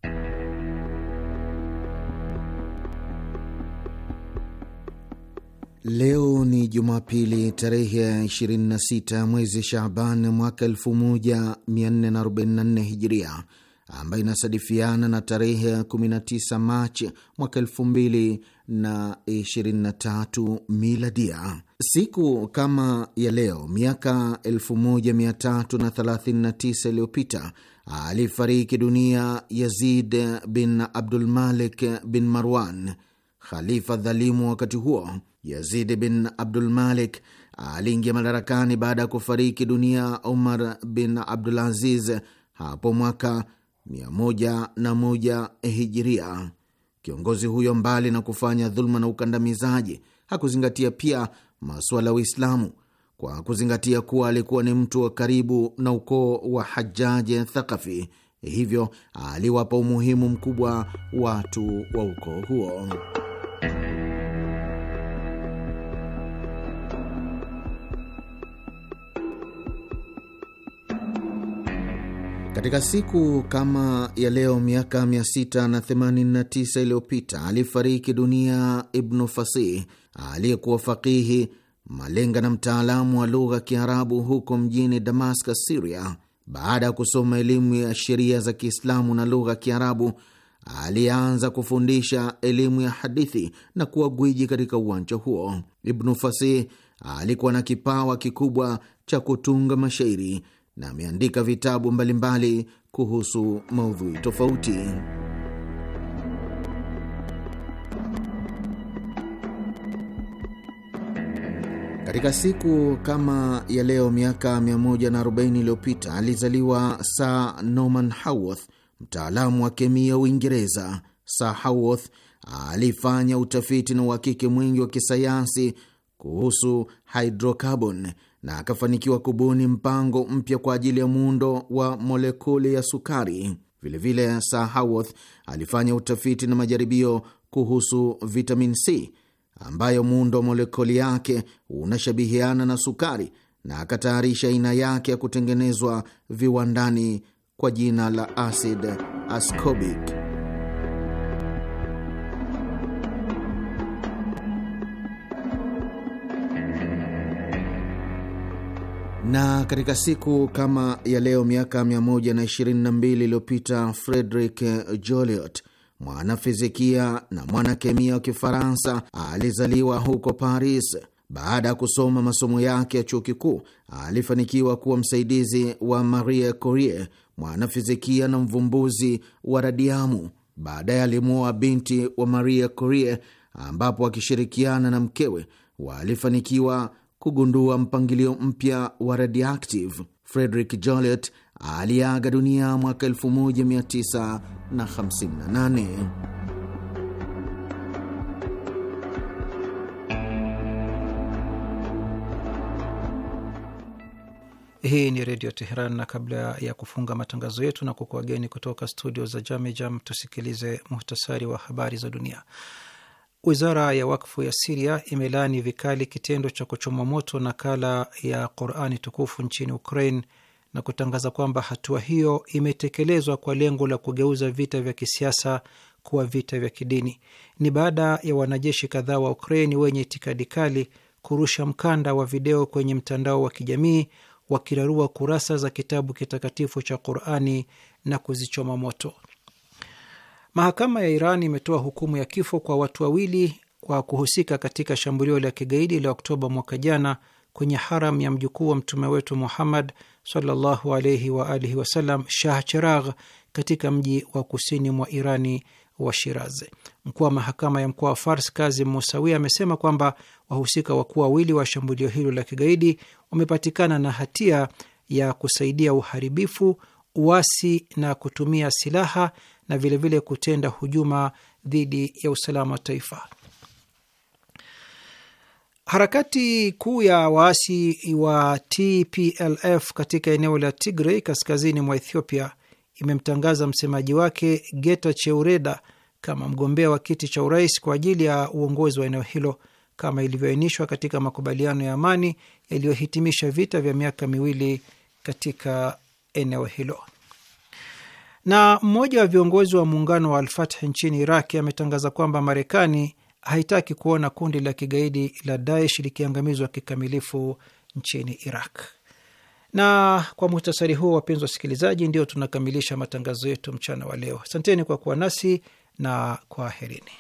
Leo ni Jumapili tarehe ya 26 mwezi Shaban mwaka 1444 Hijiria, ambayo inasadifiana na tarehe ya 19 Machi mwaka 2023 Miladia. Siku kama ya leo miaka 1339 iliyopita alifariki dunia Yazid bin Abdulmalik bin Marwan, khalifa dhalimu wakati huo. Yazid bin Abdulmalik aliingia madarakani baada ya kufariki dunia Umar bin Abdulaziz hapo mwaka 101 Hijiria. Kiongozi huyo mbali na kufanya dhuluma na ukandamizaji, hakuzingatia pia masuala ya Uislamu kwa kuzingatia kuwa alikuwa ni mtu wa karibu na ukoo wa Hajaji thakafi hivyo aliwapa umuhimu mkubwa watu wa ukoo huo. Katika siku kama ya leo miaka 689 iliyopita alifariki dunia Ibnu Fasih aliyekuwa fakihi malenga na mtaalamu wa lugha ya Kiarabu huko mjini Damascus, Siria. Baada ya kusoma elimu ya sheria za Kiislamu na lugha ya Kiarabu, alianza kufundisha elimu ya hadithi na kuwa gwiji katika uwanja huo. Ibnu Fasih alikuwa na kipawa kikubwa cha kutunga mashairi na ameandika vitabu mbalimbali kuhusu maudhui tofauti. Katika siku kama ya leo miaka 140 iliyopita alizaliwa Sir Norman Haworth, mtaalamu wa kemia Uingereza. Sir Haworth alifanya utafiti na uhakiki mwingi wa kisayansi kuhusu hydrocarbon na akafanikiwa kubuni mpango mpya kwa ajili ya muundo wa molekuli ya sukari. Vilevile, Sir Haworth alifanya utafiti na majaribio kuhusu vitamin C ambayo muundo wa molekuli yake unashabihiana na sukari na akatayarisha aina yake ya kutengenezwa viwandani kwa jina la acid ascorbic. Na katika siku kama ya leo miaka 122 iliyopita Frederick Joliot mwanafizikia na mwanakemia wa Kifaransa alizaliwa huko Paris. Baada ya kusoma masomo yake ya chuo kikuu, alifanikiwa kuwa msaidizi wa Marie Curie, mwanafizikia na mvumbuzi wa radiamu. Baadaye alimwoa binti wa Marie Curie, ambapo akishirikiana na mkewe walifanikiwa kugundua mpangilio mpya wa radioactive. Frederick Joliot aliaga dunia mwaka 1958. Hii ni Redio Teheran, na kabla ya kufunga matangazo yetu na kukuageni kutoka studio za Jamejam, tusikilize muhtasari wa habari za dunia. Wizara ya Wakfu ya Siria imelaani vikali kitendo cha kuchoma moto nakala ya Qurani tukufu nchini Ukraine na kutangaza kwamba hatua hiyo imetekelezwa kwa lengo la kugeuza vita vya kisiasa kuwa vita vya kidini. Ni baada ya wanajeshi kadhaa wa Ukraini wenye itikadi kali kurusha mkanda wa video kwenye mtandao wa kijamii wakirarua kurasa za kitabu kitakatifu cha Qurani na kuzichoma moto. Mahakama ya Iran imetoa hukumu ya kifo kwa watu wawili kwa kuhusika katika shambulio la kigaidi la Oktoba mwaka jana kwenye haram ya mjukuu wa mtume wetu Muhammad sallallahu alaihi wa alihi wasallam Shah Cheragh katika mji wa kusini mwa Irani wa Shiraz. Mkuu wa mahakama ya mkoa wa Fars Kazim Musawi amesema kwamba wahusika wakuu wawili wa shambulio hilo la kigaidi wamepatikana na hatia ya kusaidia uharibifu, uasi na kutumia silaha na vilevile vile kutenda hujuma dhidi ya usalama wa taifa. Harakati kuu ya waasi wa TPLF katika eneo la Tigray kaskazini mwa Ethiopia imemtangaza msemaji wake Getachew Reda kama mgombea wa kiti cha urais kwa ajili ya uongozi wa eneo hilo kama ilivyoainishwa katika makubaliano ya amani yaliyohitimisha vita vya miaka miwili katika eneo hilo. Na mmoja wa viongozi wa muungano wa al nchini Iraq ametangaza kwamba Marekani haitaki kuona kundi la kigaidi la Daesh likiangamizwa kikamilifu nchini Iraq. Na kwa muhtasari huo, wapenzi wasikilizaji, ndio tunakamilisha matangazo yetu mchana wa leo. Asanteni kwa kuwa nasi na kwaherini.